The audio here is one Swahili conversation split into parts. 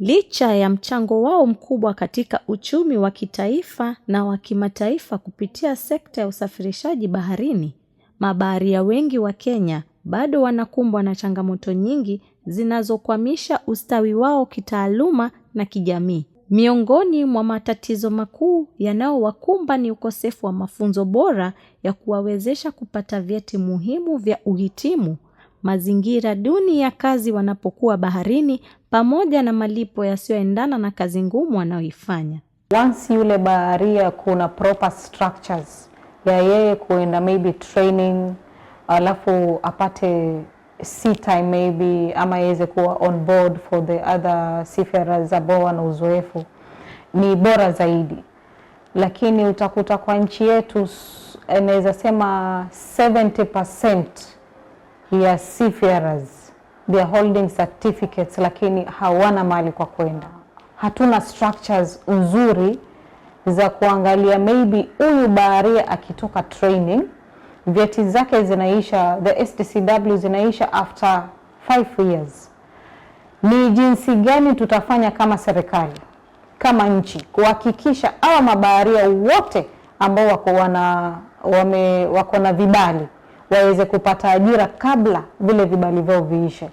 Licha ya mchango wao mkubwa katika uchumi wa kitaifa na wa kimataifa kupitia sekta ya usafirishaji baharini, mabaharia wengi wa Kenya bado wanakumbwa na changamoto nyingi zinazokwamisha ustawi wao kitaaluma na kijamii. Miongoni mwa matatizo makuu yanayowakumba ni ukosefu wa mafunzo bora ya kuwawezesha kupata vyeti muhimu vya uhitimu, mazingira duni ya kazi wanapokuwa baharini pamoja na malipo yasiyoendana na kazi ngumu anayoifanya. Once yule baharia kuna proper structures ya yeye kuenda maybe training, alafu apate sea time maybe ama iweze kuwa on board for the other seafarers ambao wana uzoefu ni bora zaidi, lakini utakuta kwa nchi yetu eh, naweza sema 70% ya seafarers they are holding certificates lakini hawana mali kwa kwenda. Hatuna structures nzuri za kuangalia, maybe huyu baharia akitoka training vyeti zake zinaisha, the STCW zinaisha after 5 years. Ni jinsi gani tutafanya kama serikali, kama nchi kuhakikisha hawa mabaharia wote ambao wako wana wame wako na vibali waweze kupata ajira kabla vile vibali vyao viishe.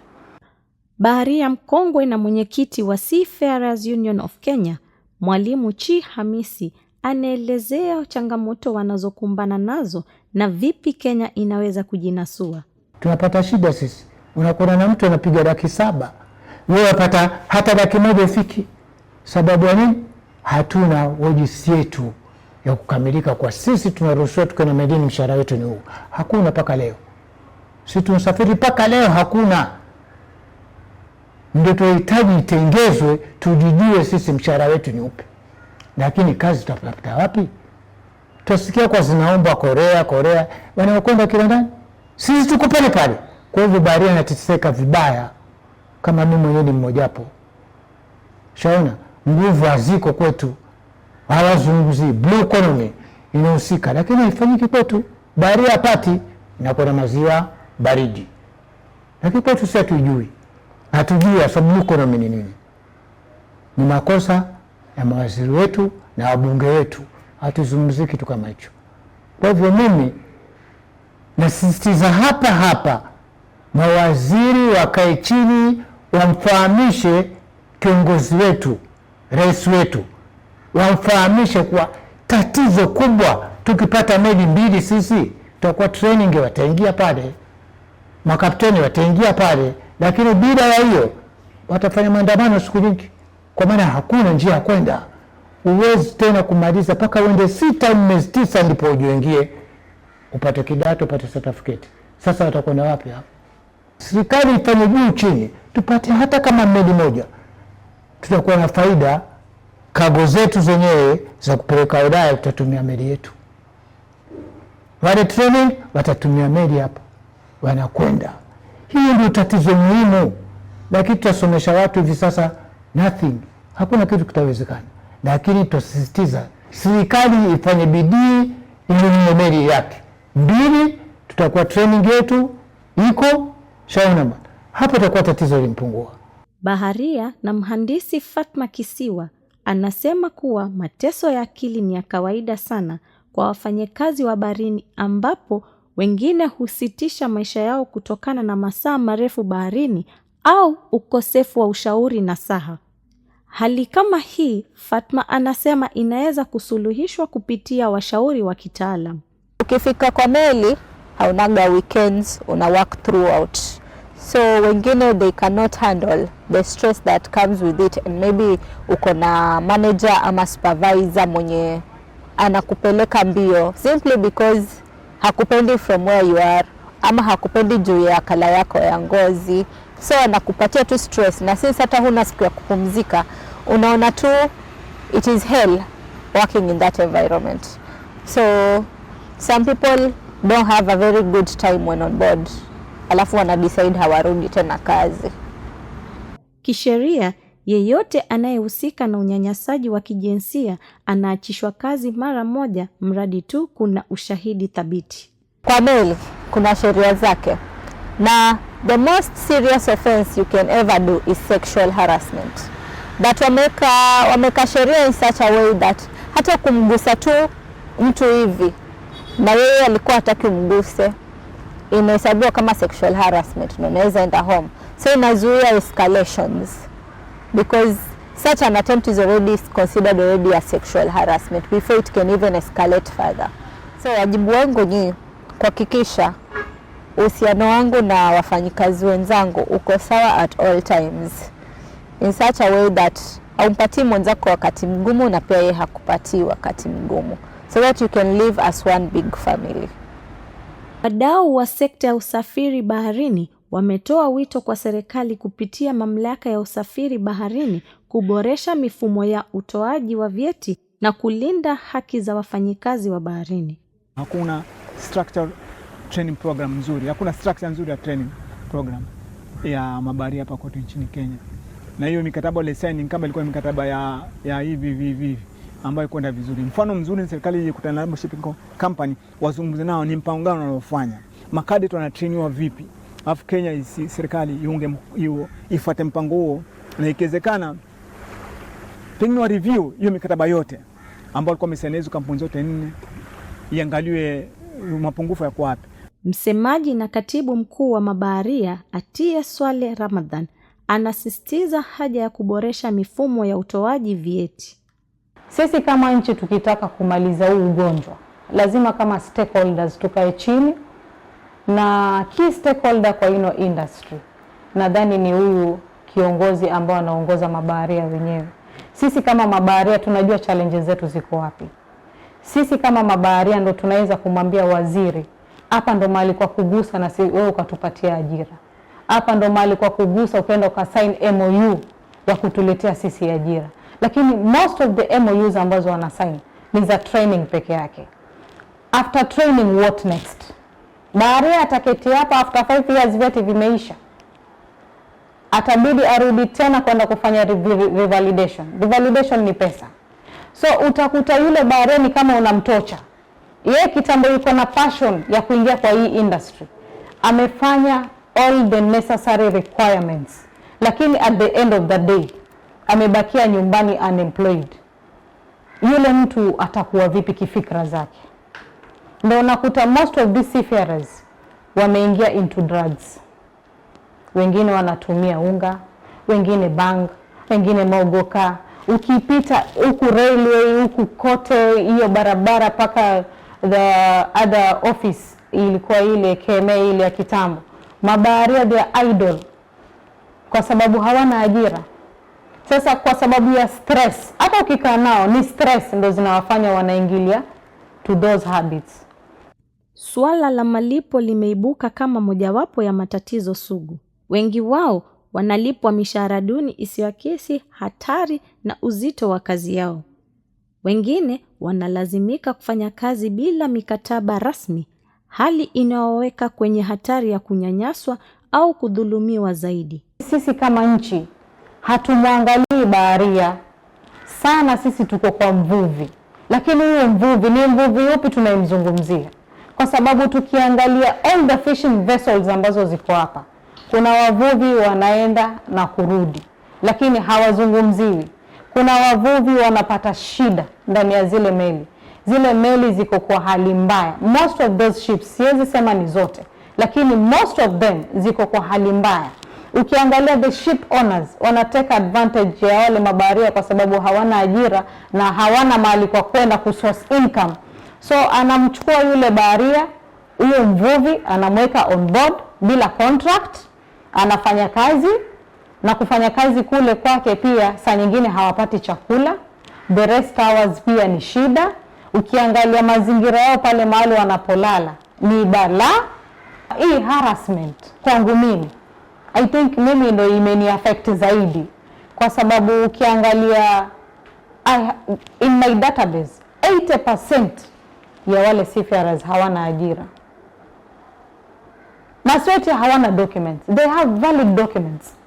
Baharia mkongwe na mwenyekiti wa Seafarers Union of Kenya, Mwalimu Chi Hamisi anaelezea changamoto wanazokumbana nazo na vipi Kenya inaweza kujinasua. Tunapata shida sisi, unakuona na mtu anapiga laki saba, wewe unapata hata laki moja ufiki. Sababu ya nini? Hatuna wajisi yetu ya kukamilika kwa sisi, tunaruhusiwa tukena medini, mshahara wetu ni huu, hakuna mpaka leo. si tunasafiri mpaka leo hakuna ndio tunahitaji itengezwe, tujijue sisi mshahara wetu ni upi, lakini kazi tutapata wapi? Tutasikia kwa zinaomba Korea, Korea, wanaokwenda kila ndani, sisi tuko pale pale. Kwa hivyo baharia anateseka vibaya, kama mimi mwenyewe ni mmojapo. Shaona nguvu haziko kwetu, hawazungumzii blue economy inahusika, lakini haifanyiki kwetu. Baharia hapati, inakwenda maziwa baridi, lakini kwetu si hatuijui hatujui yuko na mimi nini. Ni makosa ya mawaziri wetu na wabunge wetu, hatuzungumzii kitu kama hicho. Kwa hivyo mimi nasisitiza hapa hapa, mawaziri wakae chini, wamfahamishe kiongozi wetu, rais wetu, wamfahamishe kuwa tatizo kubwa, tukipata meli mbili sisi tutakuwa training, wataingia pale, makapteni wataingia pale lakini bila ya hiyo watafanya maandamano siku nyingi, kwa maana hakuna njia ya kwenda. Huwezi tena kumaliza mpaka uende sita mwezi tisa, ndipo ujiingie upate kidato upate certificate. Sasa watakwenda wapi hapo? Serikali ifanye juu chini, tupate hata kama meli moja, tutakuwa na faida. Kago zetu zenyewe za kupeleka Ulaya tutatumia meli yetu, wale training watatumia meli hapa, wanakwenda hiyo ndio tatizo muhimu, lakini tutasomesha watu hivi sasa nothing, hakuna kitu kitawezekana, lakini tutasisitiza serikali ifanye bidii ilimie meli yake mbili. Tutakuwa training yetu iko shaunama, hapo itakuwa tatizo limpungua. Baharia na mhandisi Fatma Kisiwa anasema kuwa mateso ya akili ni ya kawaida sana kwa wafanyakazi wa baharini ambapo wengine husitisha maisha yao kutokana na masaa marefu baharini au ukosefu wa ushauri na saha. Hali kama hii, Fatma anasema inaweza kusuluhishwa kupitia washauri wa kitaalam. Ukifika kwa meli haunaga weekends, una work throughout so wengine they cannot handle the stress that comes with it and maybe uko na manager ama supervisor mwenye anakupeleka mbio simply because hakupendi from where you are, ama hakupendi juu ya kala yako ya ngozi, so anakupatia tu stress, na since hata huna siku ya kupumzika, unaona tu it is hell working in that environment. So some people don't have a very good time when on board, alafu wanadecide hawarudi tena kazi kisheria. Yeyote anayehusika na unyanyasaji wa kijinsia anaachishwa kazi mara moja, mradi tu kuna ushahidi thabiti. Kwa meli kuna sheria zake, na the most serious offense you can ever do is sexual harassment but wameka, wameka sheria in such a way that hata kumgusa tu mtu hivi na yeye alikuwa hataki umguse inahesabiwa kama sexual harassment na unaweza enda home, so inazuia escalations because such an attempt is already considered already a sexual harassment before it can even escalate further. So wajibu wangu ni kuhakikisha uhusiano wangu na wafanyikazi wenzangu uko sawa at all times in such a way that aumpatii mwenzako wakati mgumu na pia yeye hakupatii wakati mgumu so that you can live as one big family. Wadau wa sekta ya usafiri baharini wametoa wito kwa serikali kupitia mamlaka ya usafiri baharini kuboresha mifumo ya utoaji wa vyeti na kulinda haki za wafanyikazi wa baharini. Hakuna structure training program nzuri, hakuna structure nzuri ya training program ya mabaharia hapa kote nchini Kenya, na hiyo mikataba walisaini kama ilikuwa mikataba ya, ya hivi hivi ambayo kwenda vizuri. Mfano mzuri ni serikali ikutana na shipping company wazungumze nao, ni mpango gani wanaofanya, makadi wanatrainiwa vipi alafu Kenya isi, serikali iunge hiyo ifuate mpango huo, na ikiwezekana pengine wa review hiyo mikataba yote ambayo alikuwa amesaini hizo kampuni zote nne, iangaliwe uh, mapungufu yako wapi. Msemaji na katibu mkuu wa mabaharia Atia Swale Ramadhan anasisitiza haja ya kuboresha mifumo ya utoaji vieti Sisi kama nchi tukitaka kumaliza huu ugonjwa, lazima kama stakeholders tukae chini na key stakeholder kwa ino industry nadhani ni huyu kiongozi ambao anaongoza mabaharia wenyewe. Sisi kama mabaharia tunajua challenges zetu ziko wapi. Sisi kama mabaharia ndo tunaweza kumwambia waziri, hapa ndo mahali kwa kugusa na wewe ukatupatia ajira, hapa ndo mahali kwa kugusa ukaenda ukasign MOU ya kutuletea sisi ajira. Lakini most of the MOUs ambazo wanasign ni za training peke yake. After training, what next? baharia ataketi hapa, after five years vyeti vimeisha, atabidi arudi tena kwenda kufanya revalidation. Revalidation ni pesa, so utakuta yule baharia ni kama unamtocha ye Kitambo yuko na passion ya kuingia kwa hii industry, amefanya all the necessary requirements, lakini at the end of the day amebakia nyumbani unemployed. Yule mtu atakuwa vipi kifikra zake? ndio unakuta most of these seafarers wameingia into drugs. Wengine wanatumia unga, wengine bang, wengine maogoka. Ukipita huku railway huku kote, hiyo barabara mpaka the other office ilikuwa ile KMA ile ya kitambo, mabaharia they idle kwa sababu hawana ajira. Sasa kwa sababu ya stress, hata ukikaa nao ni stress ndo zinawafanya wanaingilia to those habits. Suala la malipo limeibuka kama mojawapo ya matatizo sugu. Wengi wao wanalipwa mishahara duni isiyoakisi hatari na uzito wa kazi yao. Wengine wanalazimika kufanya kazi bila mikataba rasmi, hali inayoweka kwenye hatari ya kunyanyaswa au kudhulumiwa zaidi. Sisi kama nchi hatumwangalii baharia sana, sisi tuko kwa mvuvi, lakini huyo mvuvi ni mvuvi upi tunayemzungumzia? kwa sababu tukiangalia all the fishing vessels ambazo ziko hapa, kuna wavuvi wanaenda na kurudi, lakini hawazungumziwi. Kuna wavuvi wanapata shida ndani ya zile meli. Zile meli ziko kwa hali mbaya, most of those ships, siwezi sema ni zote, lakini most of them ziko kwa hali mbaya. Ukiangalia the ship owners wanateka advantage ya wale mabaharia, kwa sababu hawana ajira na hawana mahali kwa kwenda kusource income So anamchukua yule baharia, huyo mvuvi anamweka on board bila contract, anafanya kazi na kufanya kazi kule kwake. Pia saa nyingine hawapati chakula, the rest hours pia ni shida. Ukiangalia mazingira yao pale mahali wanapolala ni balaa. Hii harassment kwangu mimi, I think mimi ndo imeni affect zaidi, kwa sababu ukiangalia I, in my database 80% ya wale seafarers hawana ajira. Masweti hawana documents. They have valid documents.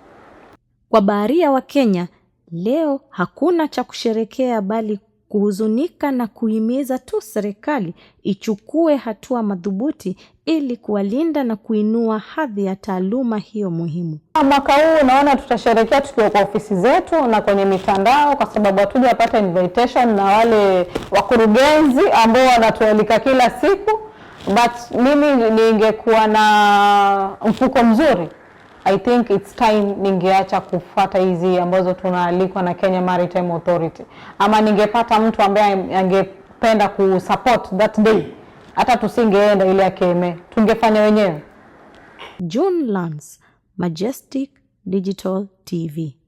Kwa baharia wa Kenya leo hakuna cha kusherekea bali kuhuzunika na kuhimiza tu serikali ichukue hatua madhubuti ili kuwalinda na kuinua hadhi ya taaluma hiyo muhimu. Mwaka huu unaona tutasherehekea tukiwa kwa ofisi zetu na kwenye mitandao, kwa sababu hatujapata invitation na wale wakurugenzi ambao wanatualika kila siku, but mimi ningekuwa na mfuko mzuri I think it's time ningeacha kufata hizi ambazo tunaalikwa na Kenya Maritime Authority, ama ningepata mtu ambaye angependa kusupport that day, hata tusingeenda ile ya KMA, tungefanya wenyewe. June Lance, Majestic Digital TV.